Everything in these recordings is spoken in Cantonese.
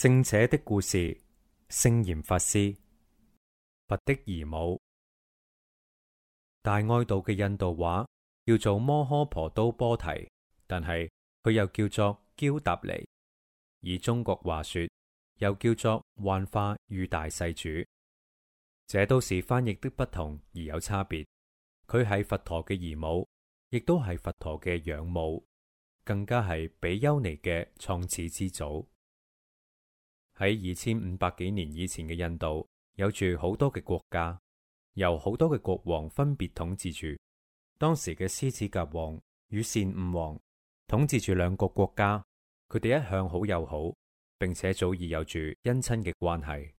聖者的故事，聖嚴法師佛的姨母，大愛道嘅印度話叫做摩訶婆都波提，但係佢又叫做嬌達尼，以中國話說又叫做幻化與大世主，這都是翻譯的不同而有差別。佢係佛陀嘅姨母，亦都係佛陀嘅養母，更加係比丘尼嘅創始之祖。喺二千五百幾年以前嘅印度，有住好多嘅國家，由好多嘅國王分別統治住。當時嘅獅子頰王與善五王統治住兩個國家，佢哋一向好友好，並且早已有住姻親嘅關係。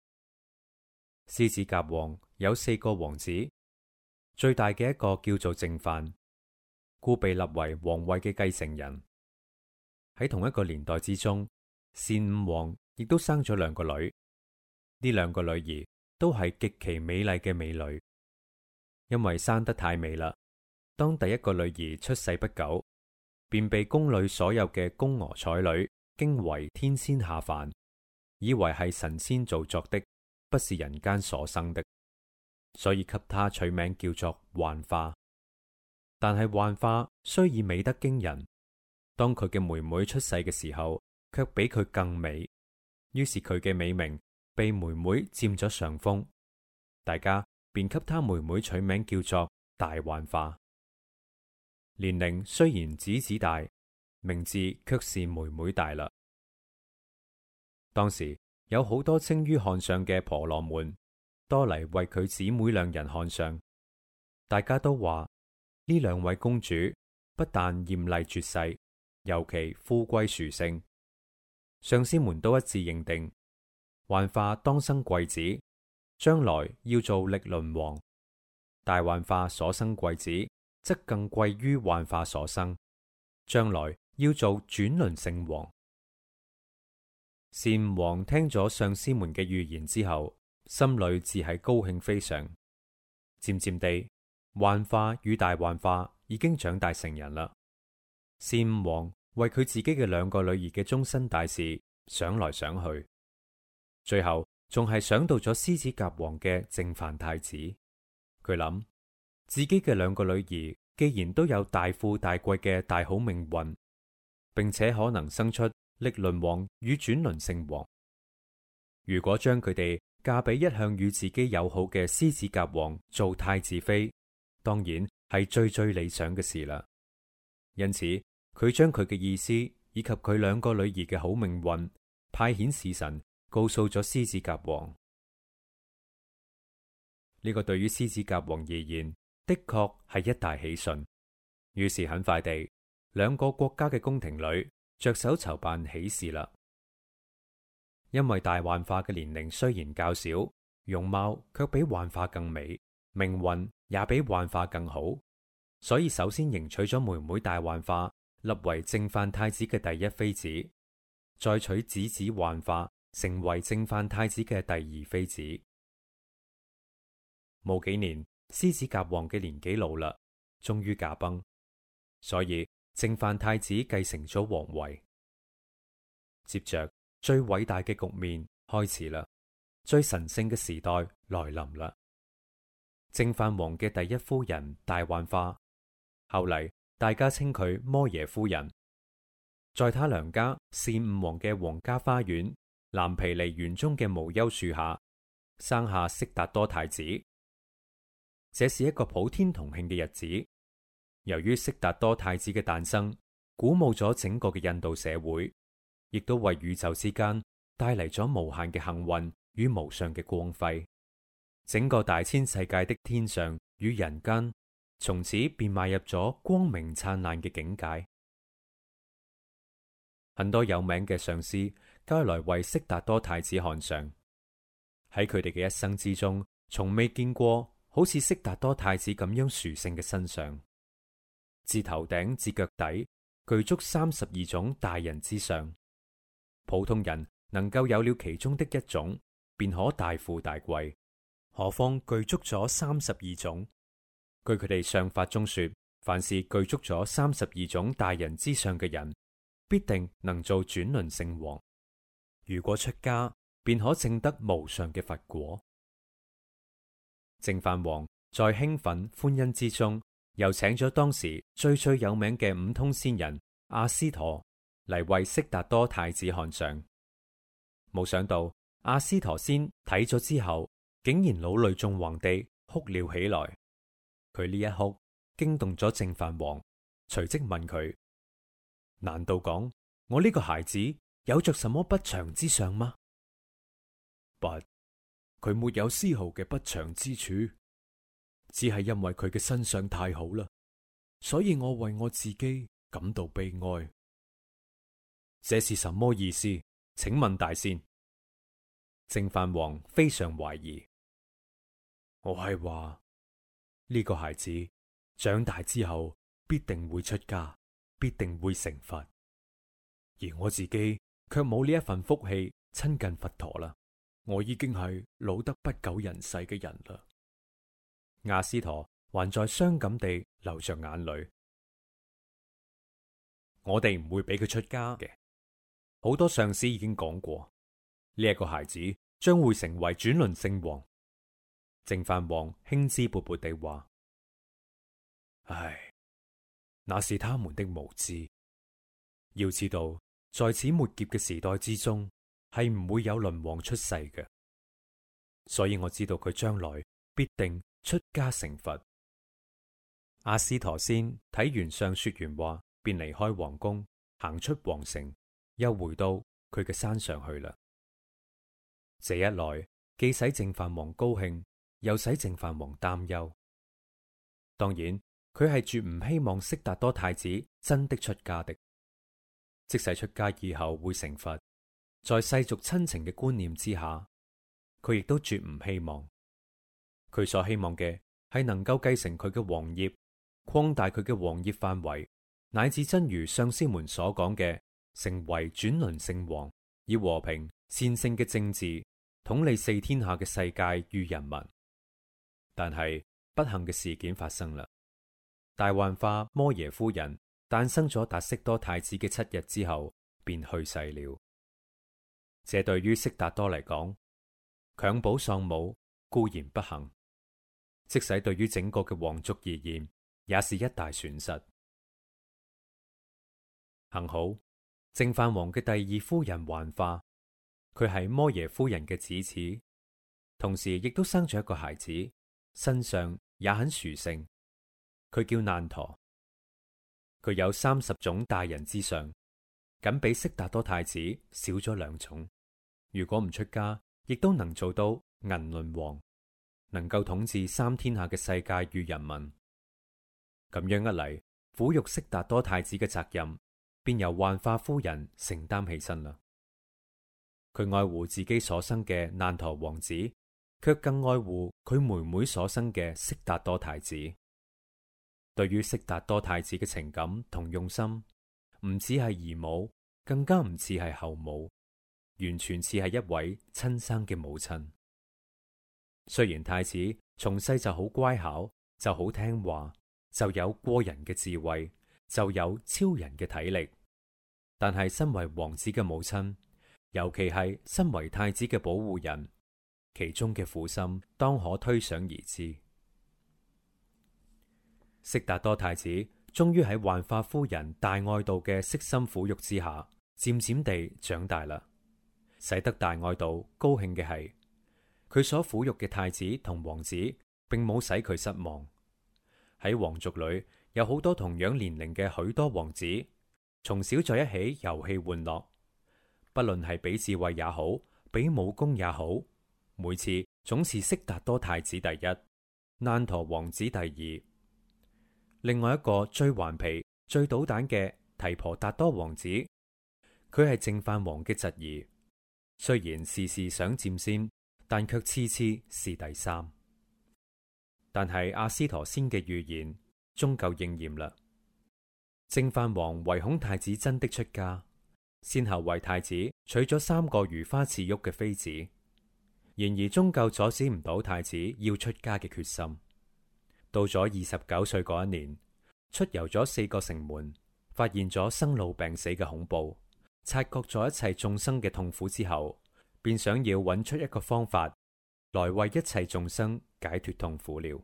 獅子頰王有四個王子，最大嘅一個叫做淨飯，故被立為王位嘅繼承人。喺同一個年代之中，善五王，亦都生咗兩個女，呢兩個女兒都係極其美麗嘅美女。因為生得太美啦，當第一個女兒出世不久，便被宮裏所有嘅宮娥彩女驚為天仙下凡，以為係神仙造作的，不是人間所生的，所以給她取名叫做幻化。但係幻化雖然美得驚人，當佢嘅妹妹出世嘅時候，却比佢更美。於是佢嘅美名被妹妹佔咗上風，大家便給她妹妹取名叫做大幻化。年齡雖然姊姊大，名字卻是妹妹大啦。當時有好多精於看相嘅婆羅門，多嚟為佢姊妹兩人看相，大家都話呢兩位公主不但艷麗絕世，尤其富貴殊勝。上司們都一致認定，幻化當生貴子，將來要做歷輪王；大幻化所生貴子，則更貴於幻化所生，將來要做轉輪聖王。善王聽咗上師們嘅預言之後，心裏自係高興非常。漸漸地，幻化與大幻化已經長大成人啦。善王。為佢自己嘅兩個女兒嘅終身大事想來想去，最後仲係想到咗獅子頰王嘅淨飯太子。佢諗自己嘅兩個女兒既然都有大富大貴嘅大好命運，並且可能生出力輪王與轉輪聖王，如果將佢哋嫁俾一向與自己友好嘅獅子頰王做太子妃，當然係最最理想嘅事啦。因此，佢將佢嘅意思以及佢兩個女兒嘅好命運派遣使臣告訴咗獅子甲王。呢個對於獅子甲王而言的確係一大喜訊。於是很快地，兩個國家嘅宮廷裏着手籌辦喜事啦。因為大幻化嘅年齡雖然較小，容貌卻比幻化更美，命運也比幻化更好，所以首先迎娶咗妹妹大幻化。立為淨飯太子嘅第一妃子，再娶子子幻化成為淨飯太子嘅第二妃子。冇幾年，獅子甲王嘅年紀老啦，終於駕崩，所以淨飯太子繼承咗皇位。接着，最偉大嘅局面開始啦，最神聖嘅時代來臨啦。淨飯王嘅第一夫人大幻化，後嚟。大家稱佢摩耶夫人，在他娘家是五王嘅皇家花園藍皮尼園中嘅無憂樹下生下悉達多太子。這是一個普天同慶嘅日子，由於悉達多太子嘅誕生，鼓舞咗整個嘅印度社會，亦都為宇宙之間帶嚟咗無限嘅幸運與無上嘅光輝。整個大千世界的天上與人間。從此便邁入咗光明燦爛嘅境界。很多有名嘅上師皆來為悉達多太子看相。喺佢哋嘅一生之中，從未見過好似悉達多太子咁樣殊勝嘅身上，自頭頂至腳底，具足三十二種大人之相。普通人能夠有了其中的一種，便可大富大貴，何況具足咗三十二種？據佢哋相法中說，凡是具足咗三十二種大人之上嘅人，必定能做轉輪聖王。如果出家，便可證得無上嘅佛果。淨飯王在興奮歡欣之中，又請咗當時最最有名嘅五通仙人阿斯陀嚟為悉達多太子看相。冇想到阿斯陀仙睇咗之後，竟然老淚縱橫地哭了起來。佢呢一哭，驚動咗淨飯王，隨即問佢：難道講我呢個孩子有着什麼不祥之相嗎？不，佢沒有絲毫嘅不祥之處，只係因為佢嘅身相太好啦，所以我為我自己感到悲哀。這是什麼意思？請問大仙？淨飯王非常懷疑。我係話。呢個孩子長大之後必定會出家，必定會成佛，而我自己卻冇呢一份福氣親近佛陀啦。我已經係老得不久人世嘅人啦。亞斯陀還在傷感地流着眼淚。我哋唔會俾佢出家嘅，好多上司已經講過，呢、這、一個孩子將會成為轉輪聖王。淨飯王興致勃勃地話：唉，那是他們的無知。要知道，在此末劫嘅時代之中，係唔會有輪王出世嘅。所以我知道佢將來必定出家成佛。阿斯陀仙睇完相說完話，便離開皇宮，行出皇城，又回到佢嘅山上去啦。這一來，既使淨飯王高興。又使淨飯王擔憂。當然，佢係絕唔希望悉達多太子真的出家的。即使出家以後會成佛，在世俗親情嘅觀念之下，佢亦都絕唔希望。佢所希望嘅係能夠繼承佢嘅王業，擴大佢嘅王業範圍，乃至真如上師們所講嘅，成為轉輪聖王，以和平、善性嘅政治統理四天下嘅世界與人民。但係不幸嘅事件發生啦！大幻化摩耶夫人誕生咗悉達多太子嘅七日之後，便去世了。這對於悉達多嚟講，襁褓喪母固然不幸，即使對於整個嘅皇族而言，也是一大損失。幸好淨飯王嘅第二夫人幻化，佢係摩耶夫人嘅姊姊，同時亦都生咗一個孩子。身上也很殊勝，佢叫難陀，佢有三十種大人之上，僅比悉達多太子少咗兩種。如果唔出家，亦都能做到銀輪王，能夠統治三天下嘅世界與人民。咁樣一嚟，撫育悉達多太子嘅責任，便由幻化夫人承擔起身啦。佢愛護自己所生嘅難陀王子，卻更愛護佢妹妹所生嘅悉達多太子。對於悉達多太子嘅情感同用心，唔止係姨母，更加唔似係後母，完全似係一位親生嘅母親。雖然太子從細就好乖巧，就好聽話，就有過人嘅智慧，就有超人嘅體力，但係身為王子嘅母親，尤其係身為太子嘅保護人。其中嘅苦心，當可推想而知。悉達多太子終於喺幻化夫人大愛道嘅悉心撫育之下，漸漸地長大啦，使得大愛道高興嘅係，佢所撫育嘅太子同王子，並冇使佢失望。喺皇族裏有好多同樣年齡嘅許多王子，從小在一起遊戲玩樂，不論係比智慧也好，比武功也好。每次總是悉達多太子第一，難陀王子第二。另外一個最頑皮、最搗蛋嘅提婆達多王子，佢係淨飯王嘅侄兒。雖然事事想佔先，但卻次次是第三。但係阿斯陀仙嘅預言終究應驗啦。淨飯王唯恐太子真的出家，先後為太子娶咗三個如花似玉嘅妃子。然而終究阻止唔到太子要出家嘅決心。到咗二十九歲嗰一年，出遊咗四個城門，發現咗生老病死嘅恐怖，察覺咗一切眾生嘅痛苦之後，便想要揾出一個方法來為一切眾生解脱痛苦了。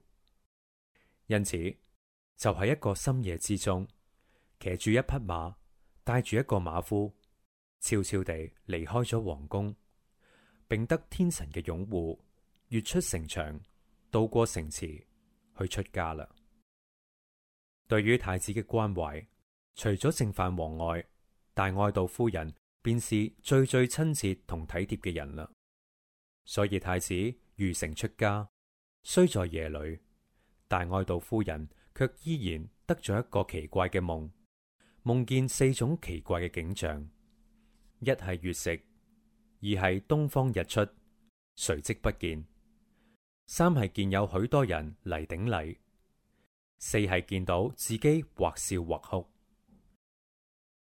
因此，就喺一個深夜之中，騎住一匹馬，帶住一個馬夫，悄悄地離開咗皇宮。並得天神嘅擁護，越出城牆，到過城池，去出家啦。對於太子嘅關懷，除咗淨飯王外，大愛道夫人便是最最親切同體貼嘅人啦。所以太子逾城出家，雖在夜裏，大愛道夫人卻依然得咗一個奇怪嘅夢，夢見四種奇怪嘅景象：一係月食。二係東方日出，隨即不見；三係見有許多人嚟頂禮；四係見到自己或笑或哭。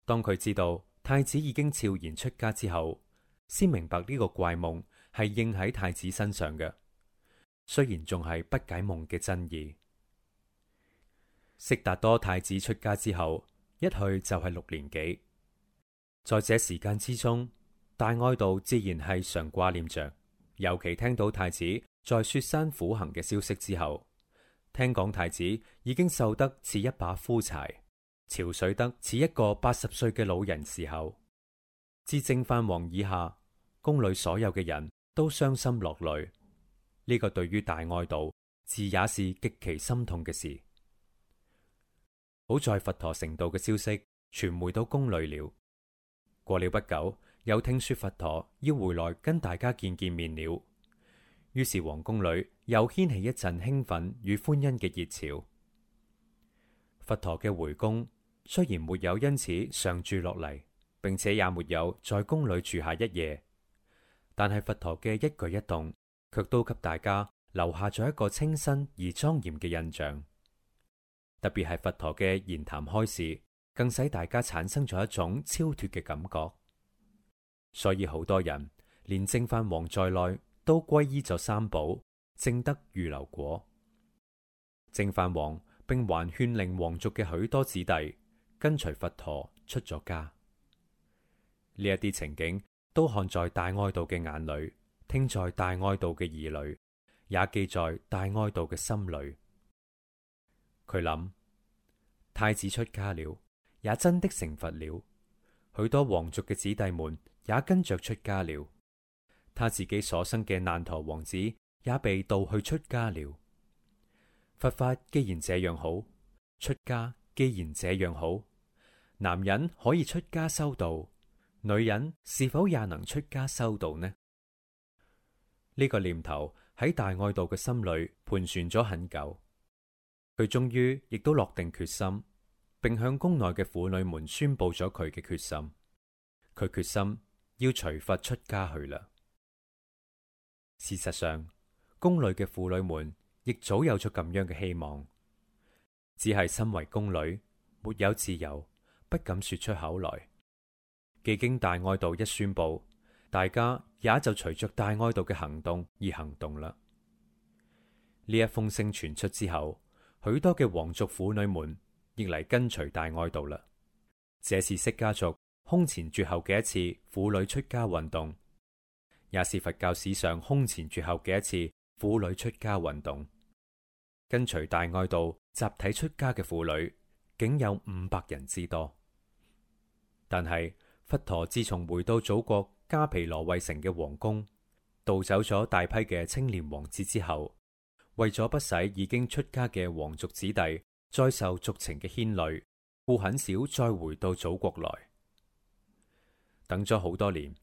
當佢知道太子已經悄然出家之後，先明白呢個怪夢係應喺太子身上嘅。雖然仲係不解夢嘅真意。悉達多太子出家之後，一去就係六年幾，在這時間之中。大愛道自然係常掛念着，尤其聽到太子在雪山苦行嘅消息之後，聽講太子已經瘦得似一把枯柴，憔悴得似一個八十歲嘅老人時候，自淨飯王以下，宮裏所有嘅人都傷心落淚。呢、這個對於大愛道，自也是極其心痛嘅事。好在佛陀成道嘅消息傳回到宮裏了，過了不久。有聽說佛陀要回來跟大家見見面了，於是皇宮裏又掀起一陣興奮與歡欣嘅熱潮。佛陀嘅回宮雖然沒有因此常住落嚟，並且也沒有在宮裏住下一夜，但係佛陀嘅一舉一動卻都給大家留下咗一個清新而莊嚴嘅印象。特別係佛陀嘅言談開示，更使大家產生咗一種超脱嘅感覺。所以好多人，連淨飯王在內，都皈依咗三寶，證得預流果。淨飯王並還勸令皇族嘅許多子弟跟隨佛陀出咗家。呢一啲情景都看在大愛道嘅眼裏，聽在大愛道嘅耳裏，也記在大愛道嘅心裏。佢諗太子出家了，也真的成佛了。許多皇族嘅子弟們。也跟着出家了。他自己所生嘅難陀王子也被盜去出家了。佛法既然這樣好，出家既然這樣好，男人可以出家修道，女人是否也能出家修道呢？呢個念頭喺大愛道嘅心裏盤旋咗很久，佢終於亦都落定決心，并向宮內嘅婦女們宣佈咗佢嘅決心。佢決心。要隨佛出家去啦。事實上，宮女嘅婦女們亦早有咗咁樣嘅希望，只係身為宮女，沒有自由，不敢說出口來。既經大愛道一宣布，大家也就隨着大愛道嘅行動而行動啦。呢一封聲傳出之後，許多嘅皇族婦女們亦嚟跟隨大愛道啦。這是釋家族。空前絕後嘅一次婦女出家運動，也是佛教史上空前絕後嘅一次婦女出家運動。跟隨大愛道集體出家嘅婦女，竟有五百人之多。但係佛陀自從回到祖國迦毗羅衛城嘅皇宮，盜走咗大批嘅青年王子之後，為咗不使已經出家嘅皇族子弟再受俗情嘅牽累，故很少再回到祖國來。等咗好多年，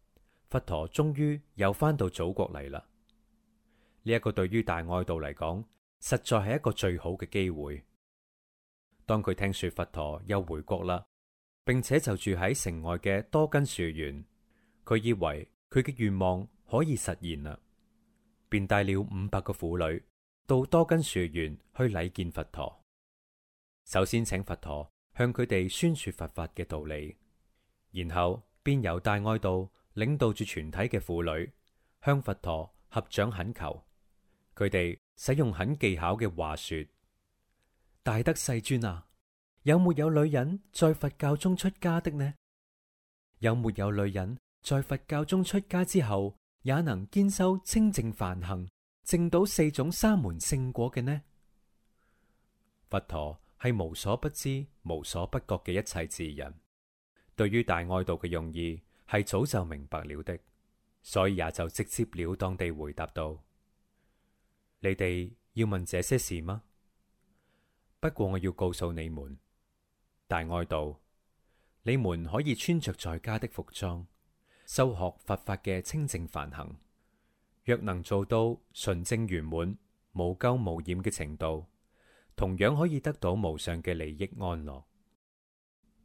佛陀終於又翻到祖國嚟啦。呢一個對於大愛道嚟講，實在係一個最好嘅機會。當佢聽說佛陀又回國啦，並且就住喺城外嘅多根樹園，佢以為佢嘅願望可以實現啦，便帶了五百個婦女到多根樹園去禮見佛陀。首先，請佛陀向佢哋宣說佛法嘅道理，然後。便由大愛道領導住全體嘅婦女向佛陀合掌懇求，佢哋使用很技巧嘅話說：大德世尊啊，有沒有女人在佛教中出家的呢？有沒有女人在佛教中出家之後也能兼修清淨梵行，證到四種三門聖果嘅呢？佛陀係無所不知、無所不覺嘅一切智人。對於大愛道嘅用意係早就明白了的，所以也就直接了當地回答道：你哋要問這些事嗎？不過我要告訴你們，大愛道，你們可以穿着在家的服裝修學佛法嘅清淨梵行，若能做到純正圓滿、無垢無染嘅程度，同樣可以得到無上嘅利益安樂。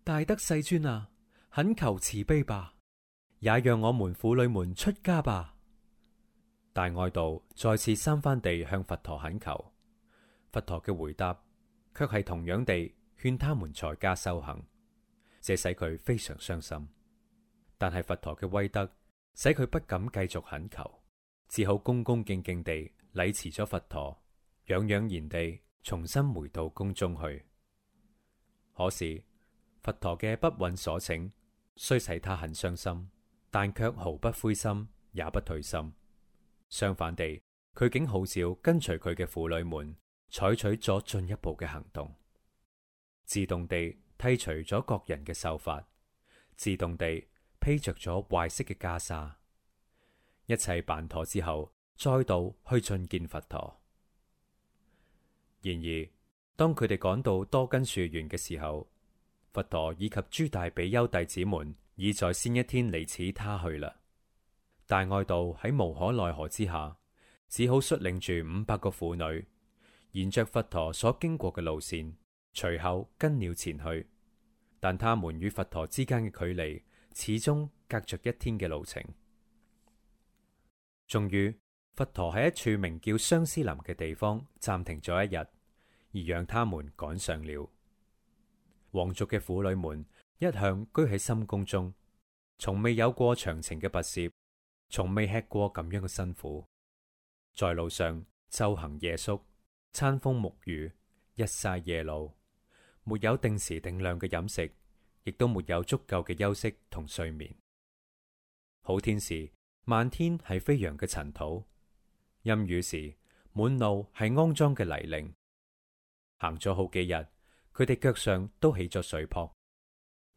大德世尊啊！懇求慈悲吧，也讓我們婦女們出家吧。大愛道再次三番地向佛陀懇求，佛陀嘅回答卻係同樣地勸他們在家修行，這使佢非常傷心。但係佛陀嘅威德使佢不敢繼續懇求，只好恭恭敬敬地禮辭咗佛陀，怏怏然地重新回到宮中去。可是佛陀嘅不允所請。雖使他很傷心，但卻毫不灰心，也不退心。相反地，佢竟好少跟隨佢嘅婦女們，採取咗進一步嘅行動，自動地剃除咗各人嘅秀髮，自動地披着咗壞色嘅袈裟。一切辦妥之後，再度去覲見佛陀。然而，當佢哋趕到多根樹園嘅時候，佛陀以及諸大比丘弟子們已在先一天離此他去啦。大愛道喺無可奈何之下，只好率領住五百個婦女，沿着佛陀所經過嘅路線，隨後跟了前去。但他們與佛陀之間嘅距離始終隔着一天嘅路程。終於，佛陀喺一處名叫相思林嘅地方暫停咗一日，而讓他們趕上了。皇族嘅婦女們一向居喺深宮中，從未有過長情嘅跋涉，從未吃過咁樣嘅辛苦。在路上，晝行夜宿，餐風沐雨，日曬夜露，沒有定時定量嘅飲食，亦都沒有足夠嘅休息同睡眠。好天時，漫天係飛揚嘅塵土；陰雨時，滿路係骯髒嘅泥濘。行咗好幾日。佢哋腳上都起咗水泡，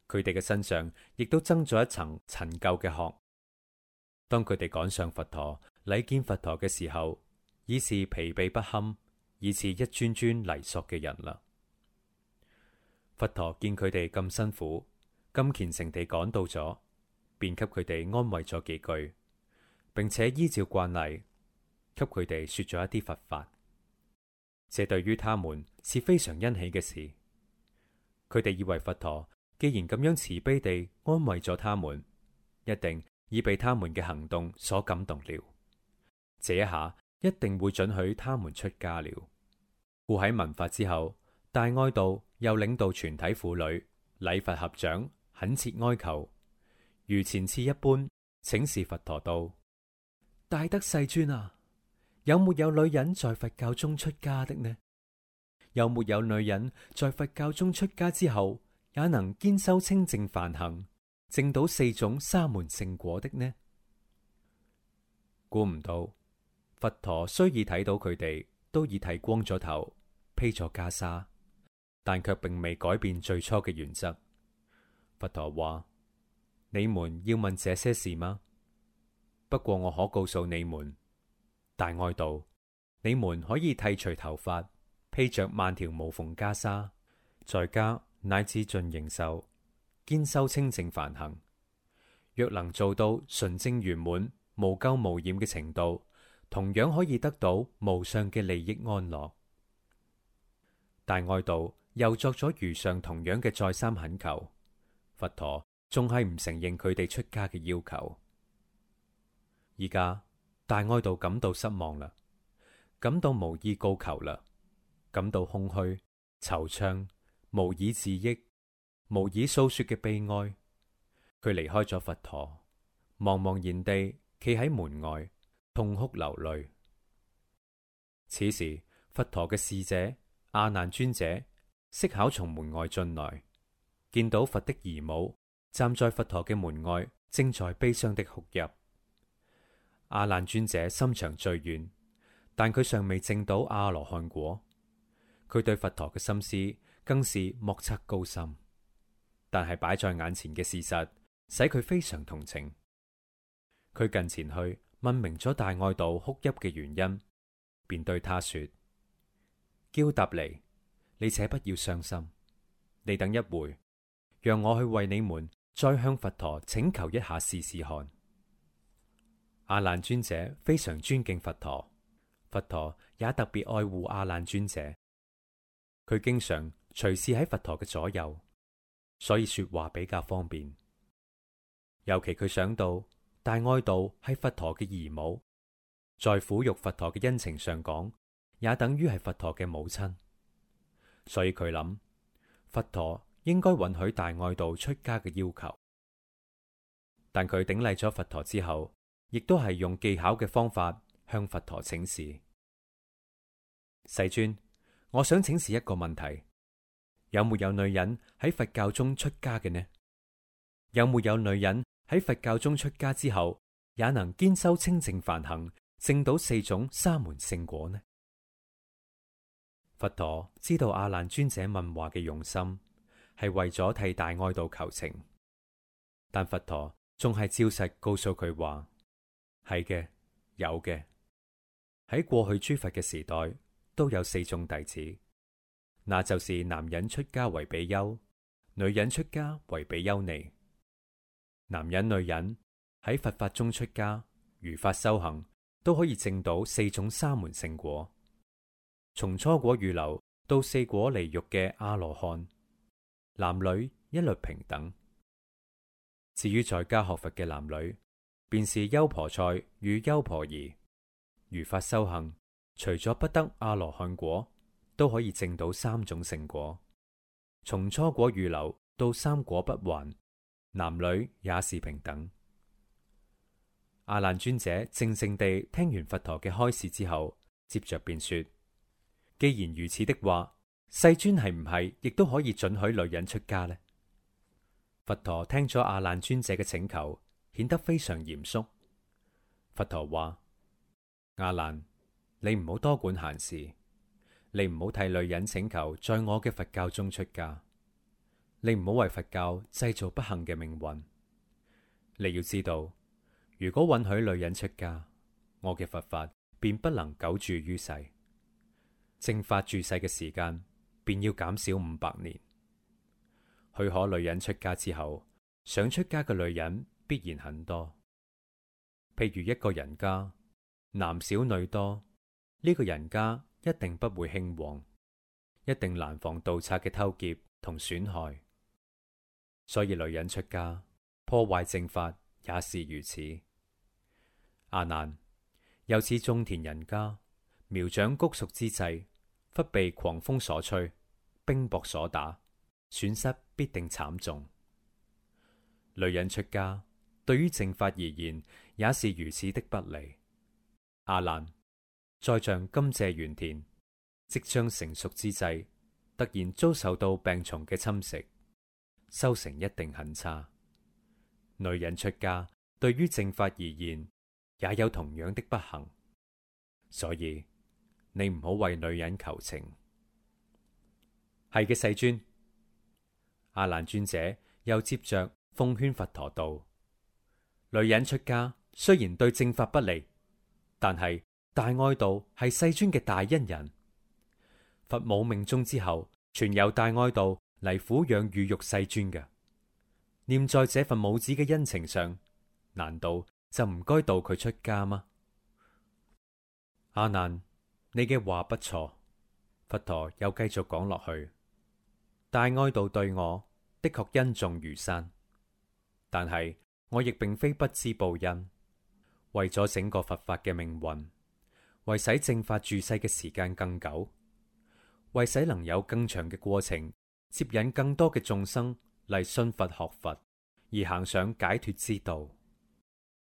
佢哋嘅身上亦都增咗一層陳舊嘅殼。當佢哋趕上佛陀，禮見佛陀嘅時候，已是疲憊不堪，已是一尊尊泥塑嘅人啦。佛陀見佢哋咁辛苦，咁虔誠地趕到咗，便給佢哋安慰咗幾句，並且依照慣例，給佢哋說咗一啲佛法。這對於他們是非常欣喜嘅事。佢哋以為佛陀既然咁樣慈悲地安慰咗他們，一定已被他們嘅行動所感動了，這一下一定會準許他們出家了。故喺聞法之後，大愛道又領導全體婦女禮佛合掌，懇切哀求，如前次一般，請示佛陀道：大德世尊啊，有沒有女人在佛教中出家的呢？有沒有女人在佛教中出家之後也能兼修清淨梵行，證到四種沙門聖果的呢？估唔到，佛陀雖已睇到佢哋都已剃光咗頭，披咗袈裟，但卻並未改變最初嘅原則。佛陀話：你們要問這些事嗎？不過我可告訴你們，大愛道，你們可以剃除頭髮。披着萬條無縫袈裟，在家乃至盡形壽，堅修清淨梵行。若能做到純正圓滿、無垢無染嘅程度，同樣可以得到無上嘅利益安樂。大愛道又作咗如上同樣嘅再三懇求，佛陀仲係唔承認佢哋出家嘅要求。而家大愛道感到失望啦，感到無依高求啦。感到空虛、惆悵，無以自抑，無以訴說嘅悲哀。佢離開咗佛陀，茫茫然地企喺門外痛哭流淚。此時，佛陀嘅侍者阿難尊者適巧從門外進來，見到佛的姨母站在佛陀嘅門外，正在悲傷的哭泣。阿難尊者心腸最軟，但佢尚未證到阿羅漢果。佢對佛陀嘅心思更是莫測高深，但係擺在眼前嘅事實使佢非常同情。佢近前去問明咗大愛道哭泣嘅原因，便對他說：「憍曇彌，你且不要傷心，你等一會，讓我去為你們再向佛陀請求一下，試試看。」阿難尊者非常尊敬佛陀，佛陀也特別愛護阿難尊者。佢經常隨侍喺佛陀嘅左右，所以說話比較方便。尤其佢想到大愛道係佛陀嘅姨母，在撫育佛陀嘅恩情上講，也等於係佛陀嘅母親。所以佢諗，佛陀應該允許大愛道出家嘅要求。但佢頂禮咗佛陀之後，亦都係用技巧嘅方法向佛陀請示。世尊，我想請示一個問題：有沒有女人喺佛教中出家嘅呢？有沒有女人喺佛教中出家之後也能堅修清淨梵行，證到四種沙門聖果呢？佛陀知道阿難尊者問話嘅用心，係為咗替大愛道求情，但佛陀仲係照實告訴佢話：係嘅，有嘅，喺過去諸佛嘅時代。都有四種弟子，那就是男人出家為比丘，女人出家為比丘尼。男人、女人喺佛法中出家，如法修行，都可以證到四種沙門聖果，從初果預流到四果離欲嘅阿羅漢，男女一律平等。至於在家學佛嘅男女，便是優婆塞與優婆夷，如法修行。除咗不得阿羅漢果，都可以證到三種聖果，從初果預流到三果不還，男女也是平等。阿難尊者靜靜地聽完佛陀嘅開示之後，接着便說：既然如此的話，世尊係唔係亦都可以准許女人出家呢？佛陀聽咗阿難尊者嘅請求，顯得非常嚴肅。佛陀話：阿難。你唔好多管閑事，你唔好替女人請求在我嘅佛教中出家，你唔好為佛教製造不幸嘅命運。你要知道，如果允許女人出家，我嘅佛法便不能久住於世，正法住世嘅時間便要減少五百年。許可女人出家之後，想出家嘅女人必然很多，譬如一個人家，男少女多。呢個人家一定不會興旺，一定難防盜賊嘅偷劫同損害。所以女人出家破壞正法也是如此。阿難，又似種田人家苗長穀熟之際，忽被狂風所吹，冰雹所打，損失必定慘重。女人出家對於正法而言也是如此的不利。阿難。再像甘蔗園田即將成熟之際，突然遭受到病蟲嘅侵蝕，收成一定很差。女人出家對於正法而言，也有同樣的不幸，所以你唔好為女人求情。係嘅，世尊。阿難尊者又接着奉勸佛陀道：女人出家雖然對正法不利，但係。大愛道係世尊嘅大恩人，佛母命終之後，全由大愛道嚟，撫養乳育世尊嘅。念在這份母子嘅恩情上，難道就唔該度佢出家嗎？阿難，你嘅話不錯。佛陀又繼續講落去：大愛道對我的確恩重如山，但係我亦並非不知報恩，為咗整個佛法嘅命運，為使正法住世嘅時間更久，為使能有更長嘅過程，接引更多嘅眾生嚟，信佛學佛而行上解脱之道，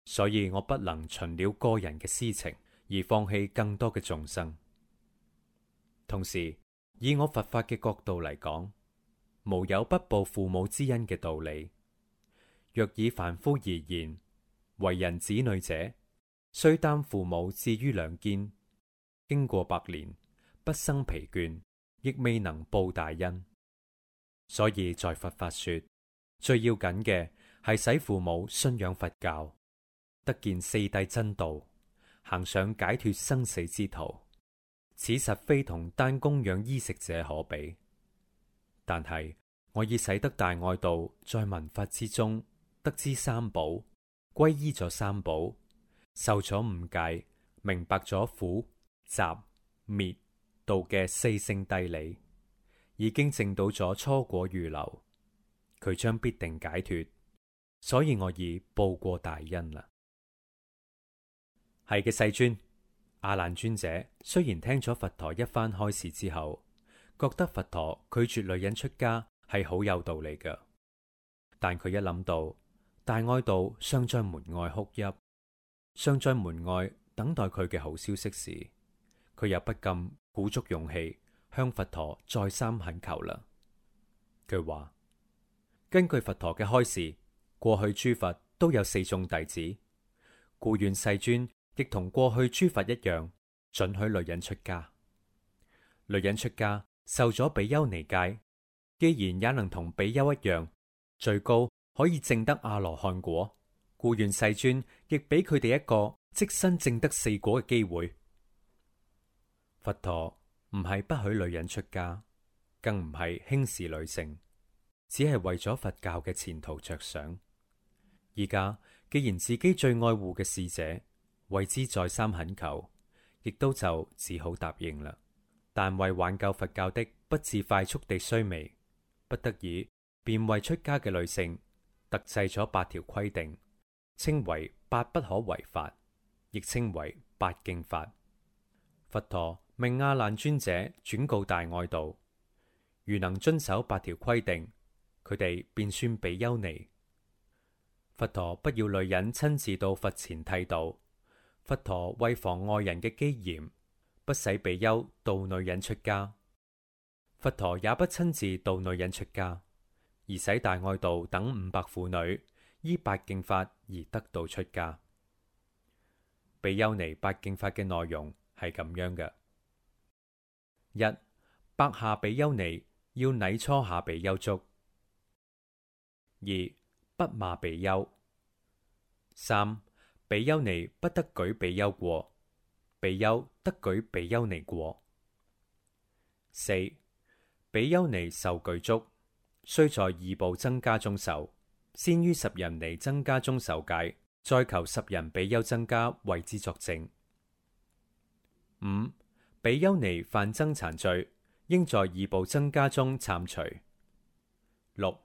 所以我不能循了個人嘅私情而放棄更多嘅眾生。同時，以我佛法嘅角度嚟講，無有不報父母之恩嘅道理。若以凡夫而言，為人子女者，雖擔父母置於兩肩，經過百年不生疲倦，亦未能報大恩。所以在佛法說最要緊嘅係使父母信仰佛教，得見四諦真道，行上解脱生死之途。此實非同單供養衣食者可比。但係我已使得大愛道在文法之中得知三寶，皈依咗三寶。受咗誤解，明白咗苦、集、滅道嘅四聖諦理，已經證到咗初果預流，佢將必定解脫。所以我已報過大恩啦。係嘅，世尊。阿難尊者雖然聽咗佛陀一番開示之後，覺得佛陀拒，拒絕女人出家係好有道理㗎，但佢一諗到大愛道雙在門外哭泣，尚在門外等待佢嘅好消息時，佢又不禁鼓足勇氣向佛陀再三懇求啦。佢話：根據佛陀嘅開示，過去諸佛都有四眾弟子，故願世尊亦同過去諸佛一樣，准許女人出家。女人出家受咗比丘尼戒，既然也能同比丘一樣，最高可以證得阿羅漢果。故願世尊亦俾佢哋一個即身證得四果嘅機會。佛陀唔係不許女人出家，更唔係輕視女性，只係為咗佛教嘅前途着想。而家既然自己最愛護嘅使者為之再三懇求，亦都就只好答應啦。但為挽救佛教的不自快速地衰微，不得已便為出家嘅女性特制咗八條規定。稱為八不可違法，亦稱為八敬法。佛陀命阿難尊者轉告大愛道：如能遵守八條規定，佢哋便算比丘尼。佛陀不要女人親自到佛前剃度。佛陀為防愛人嘅譏嫌，不使比丘度女人出家。佛陀也不親自度女人出家，而使大愛道等五百婦女。依八敬法而得到出家。比丘尼八敬法嘅內容係咁樣嘅：一、百下比丘尼要禮初下比丘足；二、不罵比丘；三、比丘尼不得舉比丘過，比丘得舉比丘尼過；四、比丘尼受具足，須在二部僧伽中受。先於十人尼增加中受戒，再求十人比丘增加為之作證。五比丘尼犯增殘罪，應在二部增加中懺除。六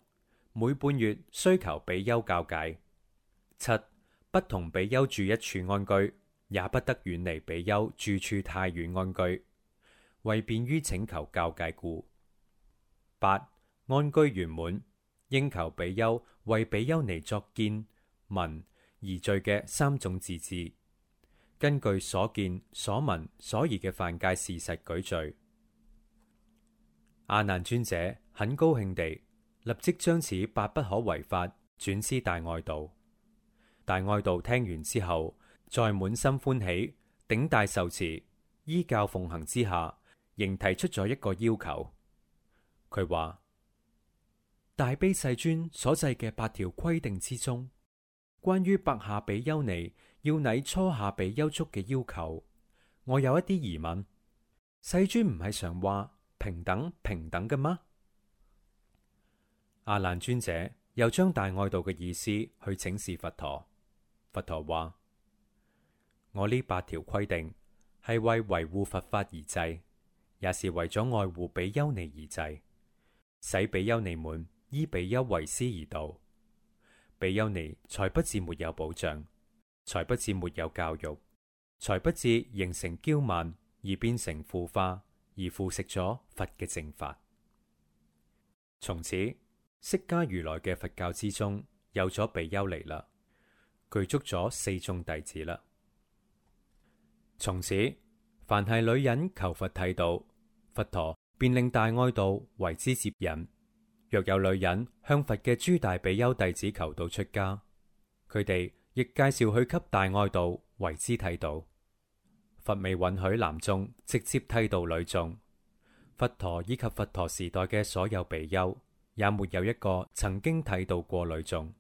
每半月需求比丘教戒。七不同比丘住一處安居，也不得遠離比丘住處太遠安居，為便於請求教戒故。八安居圓滿。應求比丘為比丘尼作見聞疑罪嘅三種自恣，根據所見、所聞、所疑嘅犯戒事實舉罪。阿難尊者很高興地立即將此八不可違法轉示大愛道。大愛道聽完之後，在滿心歡喜、頂戴受持、依教奉行之下，仍提出咗一個要求。佢話。大悲世尊所制嘅八條規定之中，關於百夏比丘尼要禮初夏比丘足嘅要求，我有一啲疑問。世尊唔係常話平等平等嘅嗎？阿難尊者又將大愛道嘅意思去請示佛陀。佛陀話：我呢八條規定係為維護佛法而制，也是為咗愛護比丘尼而制，使比丘尼們。依比丘為師而道，比丘尼才不至沒有保障，才不至沒有教育，才不至形成驕慢而變成腐化，而腐蝕咗佛嘅正法。從此釋迦如來嘅佛教之中有咗比丘尼啦，具足咗四眾弟子啦。從此凡係女人求佛剃度，佛陀便令大愛道為之接引。若有女人向佛嘅諸大比丘弟子求道出家，佢哋亦介紹佢給大愛道為之剃度。佛未允許男眾直接剃度女眾。佛陀以及佛陀時代嘅所有比丘，也沒有一個曾經剃度過女眾。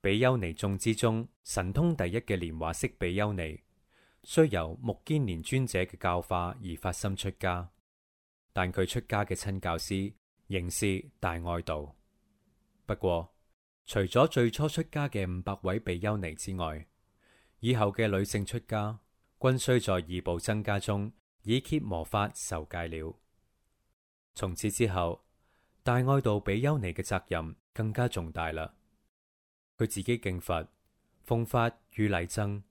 比丘尼眾之中，神通第一嘅蓮華色比丘尼，雖由目犍連尊者嘅教化而發心出家，但佢出家嘅親教師，仍是大愛道。不過，除咗最初出家嘅五百位比丘尼之外，以後嘅女性出家均需在二部僧伽中以羯磨法受戒了。從此之後，大愛道比丘尼嘅責任更加重大啦。佢自己敬佛、奉法與禮僧，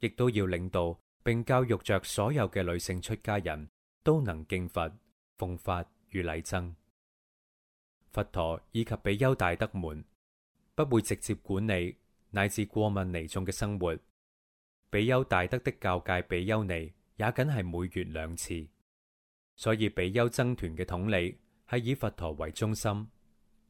亦都要領導並教育着所有嘅女性出家人，都能敬佛、奉法與禮僧。佛陀以及比丘大德們不會直接管理乃至過問尼眾嘅生活。比丘大德的教誡，比丘尼也僅係每月兩次，所以比丘僧團嘅統理係以佛陀為中心，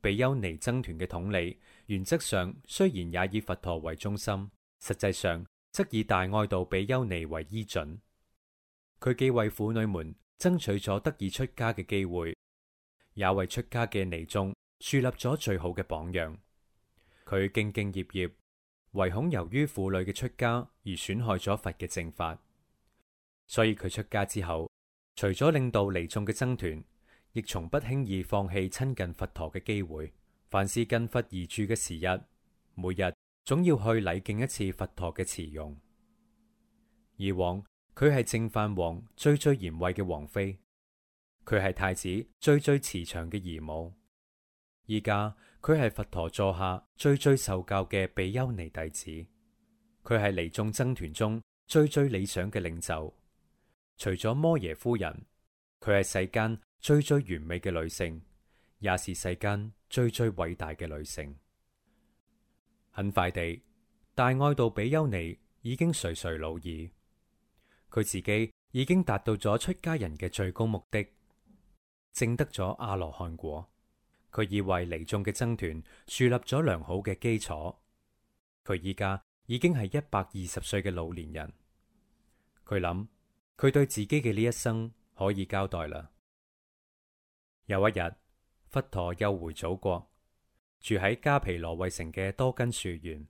比丘尼僧團嘅統理原則上雖然也以佛陀為中心，實際上則以大愛道比丘尼為依準。佢既為婦女們爭取咗得以出家嘅機會。也為出家嘅尼眾樹立咗最好嘅榜樣。佢兢兢業業，唯恐由於婦女嘅出家而損害咗佛嘅正法，所以佢出家之後，除咗領導尼眾嘅僧團，亦從不輕易放棄親近佛陀嘅機會。凡是跟佛而住嘅時日，每日總要去禮敬一次佛陀嘅慈容。以往佢係淨飯王最最賢惠嘅王妃。佢係太子最最慈祥嘅姨母，而家，佢係佛陀座下最最受教嘅比丘尼弟子。佢係尼眾僧團中最最理想嘅領袖。除咗摩耶夫人，佢係世間最最完美嘅女性，也是世間最最偉大嘅女性。很快地，大愛道比丘尼已經垂垂老矣，佢自己已經達到咗出家人嘅最高目的。證得咗阿羅漢果，佢以為尼眾嘅僧團樹立咗良好嘅基礎。佢依家已經係一百二十歲嘅老年人，佢諗佢對自己嘅呢一生可以交代啦。有一日，佛陀又回祖國，住喺加皮羅衛城嘅多根樹園，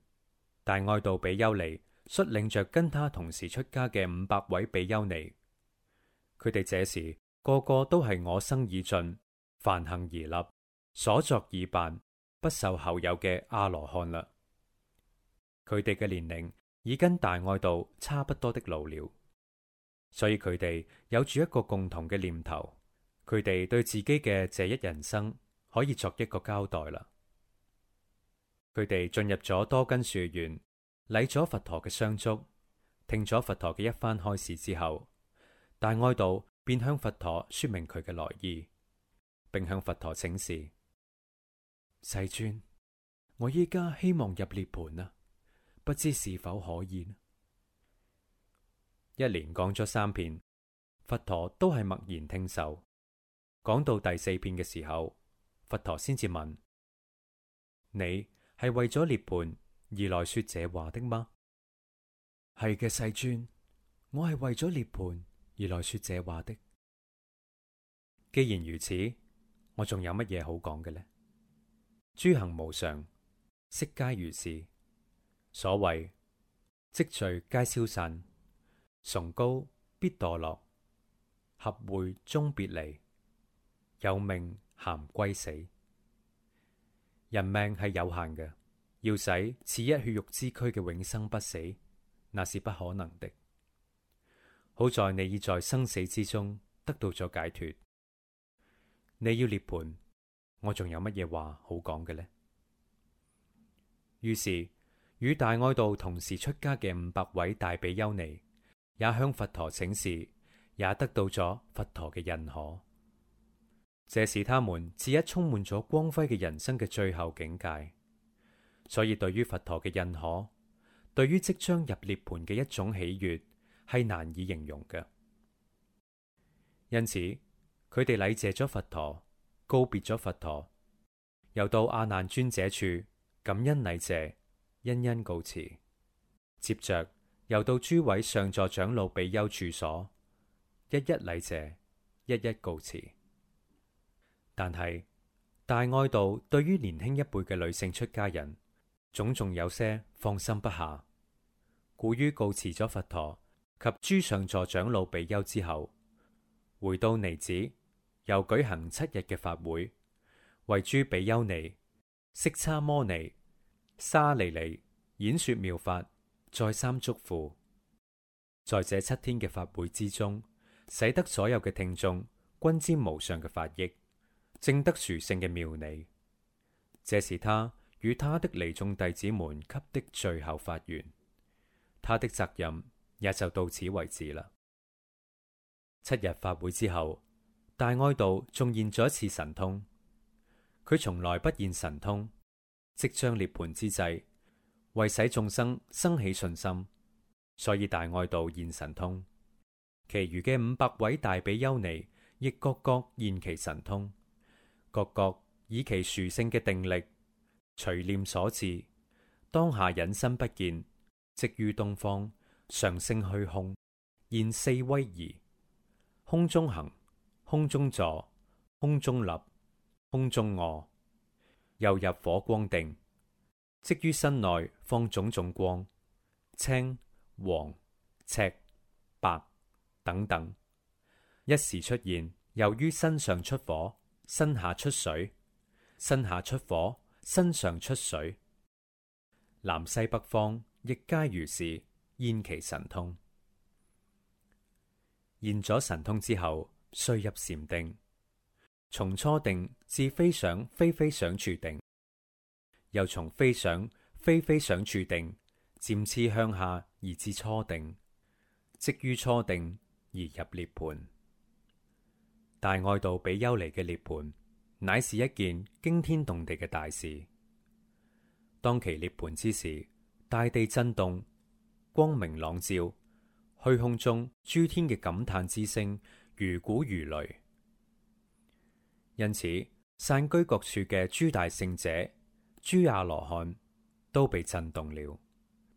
大愛道比丘尼率領着跟他同時出家嘅五百位比丘尼，佢哋這時。個個都係我生已盡，梵行已立，所作已辦，不受後有嘅阿羅漢啦。佢哋嘅年齡已跟大愛道差不多的老了，所以佢哋有住一個共同嘅念頭，佢哋對自己嘅這一人生可以作一個交代啦。佢哋進入咗多根樹園，禮咗佛陀嘅雙足，聽咗佛陀嘅一番開示之後，大愛道，便向佛陀說明佢嘅來意，並向佛陀請示：世尊，我依家希望入涅槃啊，不知是否可以呢？一連講咗三遍，佛陀都係默然聽受。講到第四遍嘅時候，佛陀先至問：你係為咗涅槃而來說這話的嗎？係嘅，世尊，我係為咗涅槃。而來說這話的。既然如此，我仲有乜嘢好講嘅呢？諸行無常，悉皆如是。所謂積聚皆消散，崇高必墮落，合會終別離，有命咸歸死。人命係有限嘅，要使此一血肉之軀嘅永生不死，那是不可能的。好在你已在生死之中得到咗解脫。你要涅槃，我仲有乜嘢話好講嘅呢？於是，與大愛道同時出家嘅五百位大比丘尼，也向佛陀請示，也得到咗佛陀嘅認可。這是他們至一充滿咗光輝嘅人生嘅最後境界。所以，對於佛陀嘅認可，對於即將入涅槃嘅一種喜悅。係難以形容嘅，因此佢哋禮謝咗佛陀，告別咗佛陀，又到阿難尊者處感恩禮謝，殷殷告辭。接着又到諸位上座長老比丘處所，一一禮謝，一一告辭。但係大愛道對於年輕一輩嘅女性出家人，總仲有些放心不下，故於告辭咗佛陀。及諸上座長老比丘之後，回到尼寺，又舉行七日嘅法會，為諸比丘尼色差摩尼沙尼尼演說妙法，再三囑咐，在這七天嘅法會之中，使得所有嘅聽眾均沾無上嘅法益，正得殊勝嘅妙理。這是他與他的尼眾弟子們給的最後法源，他的責任。也就到此為止啦。七日法會之後，大愛道仲現咗一次神通。佢從來不現神通，即將涅槃之際，為使眾生生起信心，所以大愛道現神通。其餘嘅五百位大比丘尼亦各各現其神通，各各以其殊勝嘅定力，隨念所致，當下隱身不見，即於東方。上升虛空現四威儀，空中行，空中坐，空中立，空中臥，又入火光定，即於身內，放種種光，青、黃、赤、白等等，一時出現。由於身上出火，身下出水；身下出火，身上出水。南、西、北方亦皆如是。現其神通，現咗神通之後，遂入禪定，從初定至非想非非想處定，又從非想非非想處定漸次向下而至初定，即於初定而入涅槃。大愛道比丘尼嘅涅槃，乃是一件驚天動地嘅大事。當其涅槃之時，大地震動。光明朗照，虛空中諸天嘅感嘆之聲如鼓如雷，因此散居各處嘅諸大聖者、諸阿羅漢都被震動了，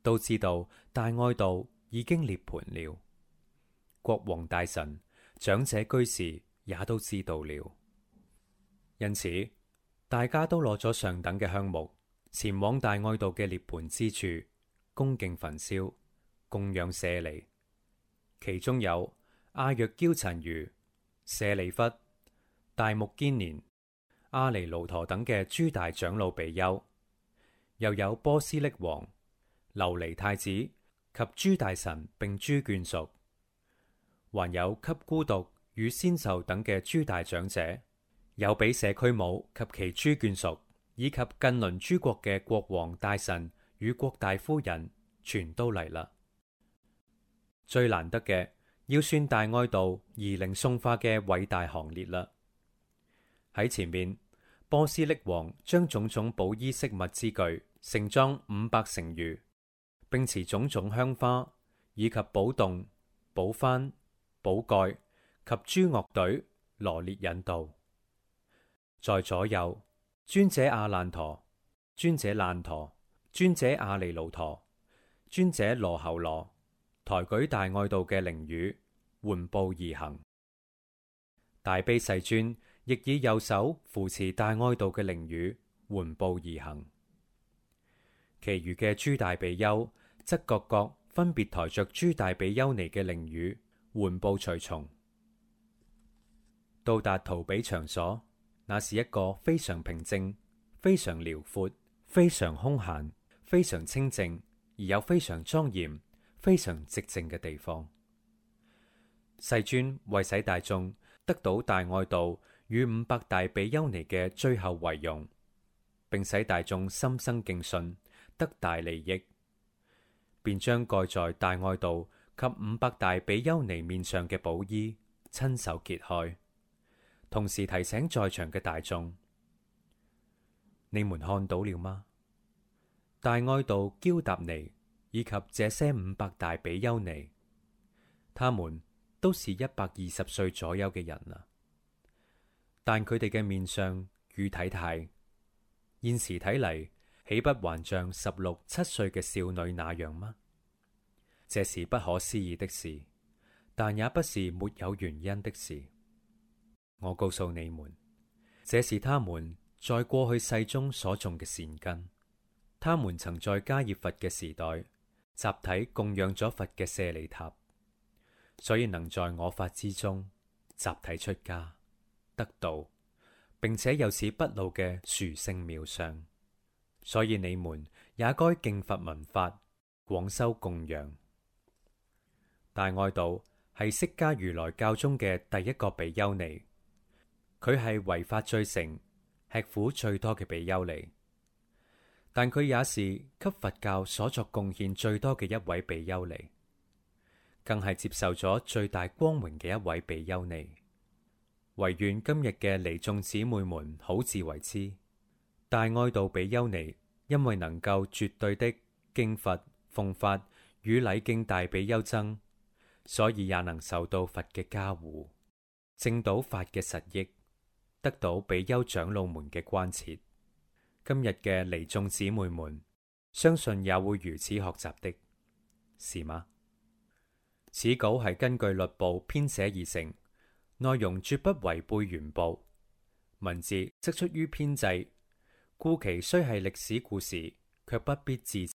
都知道大愛道已經涅槃了。國王大臣、長者居士也都知道了，因此大家都攞咗上等嘅香木，前往大愛道嘅涅槃之處恭敬焚燒。供養舍利，其中有阿若憍陳如、舍利弗、大木堅年、阿尼盧陀等嘅諸大長老比丘，又有波斯匿王、琉璃太子及諸大臣，並諸眷屬，還有給孤獨與仙壽等嘅諸大長者，有毗舍佉母及其諸眷屬，以及近鄰諸國嘅國王、大臣與國大夫人，全都嚟啦。最難得嘅，要算大愛道遺令送化嘅偉大行列啦。喺前面，波斯匿王將種種寶衣飾物之具盛裝五百成餘，並持種種香花以及寶幢、寶幡、寶蓋及諸樂隊羅列引導。在左右，尊者阿難陀、尊者難陀、尊者阿利盧陀、尊者羅睺羅，抬舉大愛道嘅靈語，緩步而行；大悲世尊亦以右手扶持大愛道嘅靈語，緩步而行。其餘嘅諸大比丘則各各分別抬着諸大比丘尼嘅靈語，緩步隨從。到達荼毗場所，那是一個非常平靜、非常遼闊、非常空閒、非常清淨，而又非常莊嚴。非常寂靜嘅地方，世尊為使大眾得到大愛道與五百大比丘尼嘅最後遺容，並使大眾心生敬信，得大利益，便將蓋在大愛道及五百大比丘尼面上嘅寶衣親手揭開，同時提醒在場嘅大眾：你們看到了嗎？大愛道嬌達尼。以及這些五百大比丘尼，他們都是一百二十歲左右嘅人啦。但佢哋嘅面相與體態，現時睇嚟豈不還像十六七歲嘅少女那樣嗎？這是不可思議的事，但也不是沒有原因的事。我告訴你們，這是他們在過去世中所種嘅善根，他們曾在迦葉佛嘅時代。集體供養咗佛嘅舍利塔，所以能在我法之中集體出家得道，並且有此不老嘅殊勝妙相。所以你們也該敬佛聞法，廣修供養。大愛道係釋迦如來教中嘅第一個比丘尼，佢係違法最盛，吃苦最多嘅比丘尼。但佢也是給佛教所作貢獻最多嘅一位比丘尼，更係接受咗最大光榮嘅一位比丘尼。唯願今日嘅尼眾姊妹們好自為之。大愛道比丘尼，因為能夠絕對的敬佛、奉法與禮敬大比丘僧，所以也能受到佛嘅加護，證到法嘅實益，得到比丘長老們嘅關切。今日嘅尼眾姊妹們，相信也會如此學習的，是嗎？此稿係根據律部編寫而成，內容絕不違背原部，文字則出於編制，故其雖係歷史故事，卻不必自。